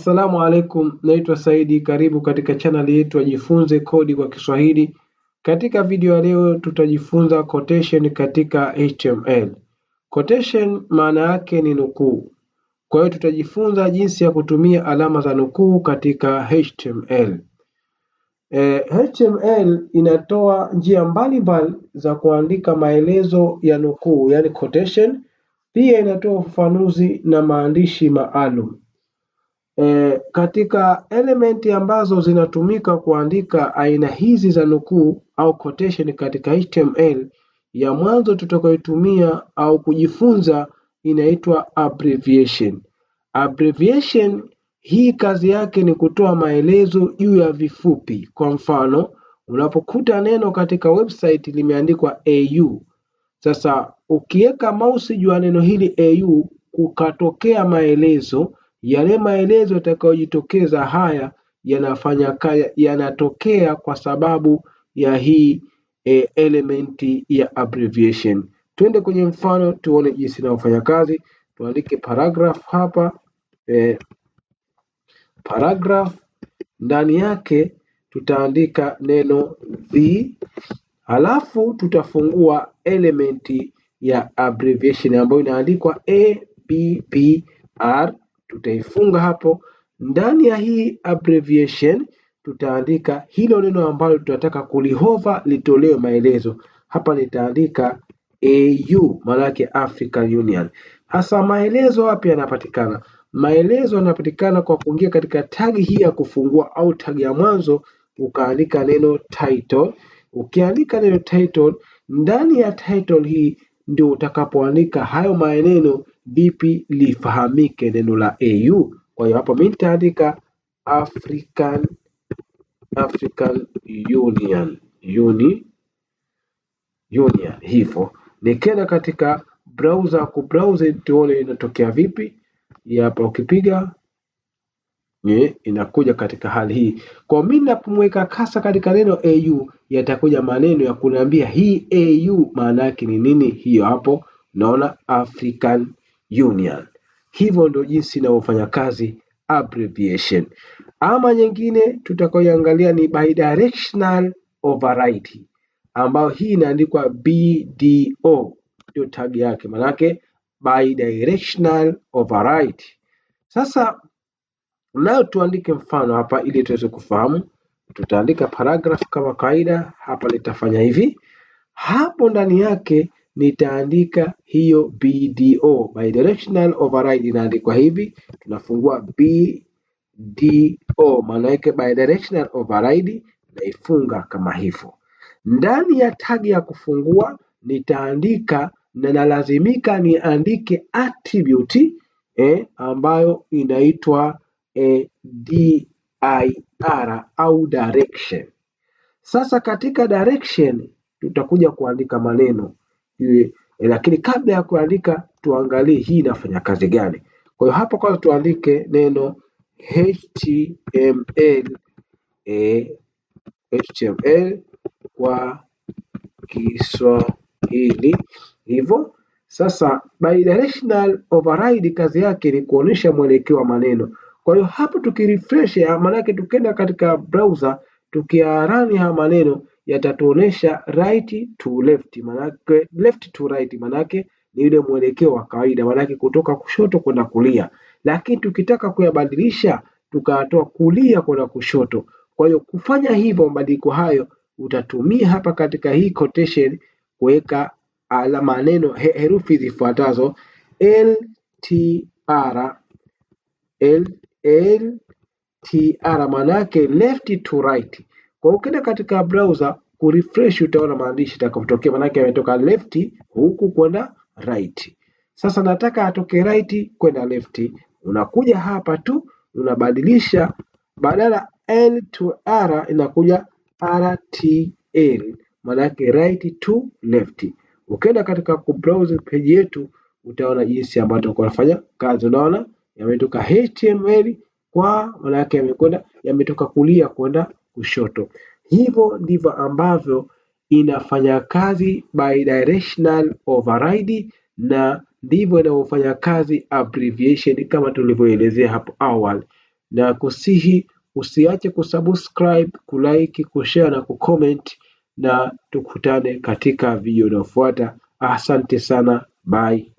Assalamu alaikum, naitwa Saidi, karibu katika chaneli yetu Ajifunze Kodi kwa Kiswahili. Katika video ya leo tutajifunza quotation katika HTML. Quotation maana yake ni nukuu, kwa hiyo tutajifunza jinsi ya kutumia alama za nukuu katika HTML. E, HTML inatoa njia mbalimbali za kuandika maelezo ya nukuu, yani quotation. Pia inatoa ufafanuzi na maandishi maalum e, katika elementi ambazo zinatumika kuandika aina hizi za nukuu au quotation katika HTML ya mwanzo tutakayotumia au kujifunza inaitwa abbreviation. Abbreviation hii kazi yake ni kutoa maelezo juu ya vifupi. Kwa mfano, unapokuta neno katika website limeandikwa au, sasa ukiweka mouse juu ya neno hili au, kukatokea maelezo yale maelezo yatakayojitokeza haya yanatokea kwa sababu ya hii e, elementi ya abbreviation. Twende kwenye mfano tuone jinsi inavyofanya kazi. Tuandike paragraph hapa e, paragraph ndani yake tutaandika neno the, halafu tutafungua elementi ya abbreviation ambayo inaandikwa R tutaifunga hapo. Ndani ya hii abbreviation tutaandika hilo neno ambalo tunataka kulihova litolewe maelezo. Hapa nitaandika AU, maana yake African Union. Hasa maelezo wapi yanapatikana? Maelezo yanapatikana kwa kuingia katika tagi hii ya kufungua au tagi ya mwanzo, ukaandika neno title. Ukiandika neno title, ndani ya title hii ndio utakapoandika hayo maneno vipi lifahamike neno la AU. Kwa hiyo hapa mimi nitaandika African, African Union, Uni, Union hivyo. Nikienda katika browser ku browser tuone inatokea vipi. Hapa ukipiga Nye, inakuja katika hali hii. Kwa mimi napomweka kasa katika neno AU yatakuja maneno ya kuniambia hii AU maana yake ni nini. Hiyo hapo naona African Union. Hivyo ndio jinsi inavyofanya kazi abbreviation. Ama nyingine tutakayoiangalia ni bidirectional override, ambayo hii inaandikwa BDO, ndio tag yake, manake bidirectional override. Sasa nayo tuandike mfano hapa ili tuweze kufahamu. Tutaandika paragraph kama kawaida hapa, litafanya hivi hapo ndani yake nitaandika hiyo BDO, bidirectional override, inaandikwa hivi, tunafungua BDO, maana yake bidirectional override, naifunga kama hivyo. Ndani ya tagi ya kufungua nitaandika na nalazimika niandike attribute eh, ambayo inaitwa eh, dir au direction. Sasa katika direction tutakuja kuandika maneno e, lakini kabla ya kuandika tuangalie hii inafanya kazi gani. Kwa hiyo hapa kwanza tuandike neno HTML, e, eh, HTML kwa Kiswahili hivyo. Sasa bidirectional override kazi yake ni kuonesha mwelekeo wa maneno. Kwa hiyo hapo tukirefresh, yake tukienda katika browser tukiarani haya maneno yatatuonesha right to left, manake left to right, manake ni ile mwelekeo wa kawaida, manake kutoka kushoto kwenda kulia. Lakini tukitaka kuyabadilisha tukatoa kulia kwenda kushoto. Kwa hiyo kufanya hivyo mabadiliko hayo utatumia hapa katika hii quotation kuweka maneno he, herufi zifuatazo LTR L, T, R, manake left to right. Kwa ukienda katika browser ku refresh utaona maandishi maana yake yametoka left huku kwenda right. Sasa nataka atoke right kwenda left, unakuja hapa tu unabadilisha, badala L to R inakuja RTL, yake right to left. Ukienda katika ku browse page yetu utaona jinsi ambavyo tutakuwa tunafanya kazi. Unaona yametoka HTML kwa maana yake yamekwenda yametoka kulia kwenda kushoto. Hivyo ndivyo ambavyo inafanya kazi bidirectional override, na ndivyo inavyofanya kazi abbreviation kama tulivyoelezea hapo awali, na kusihi usiache kusubscribe, kulike, kushare na kucomment, na tukutane katika video inayofuata. Asante sana, bye.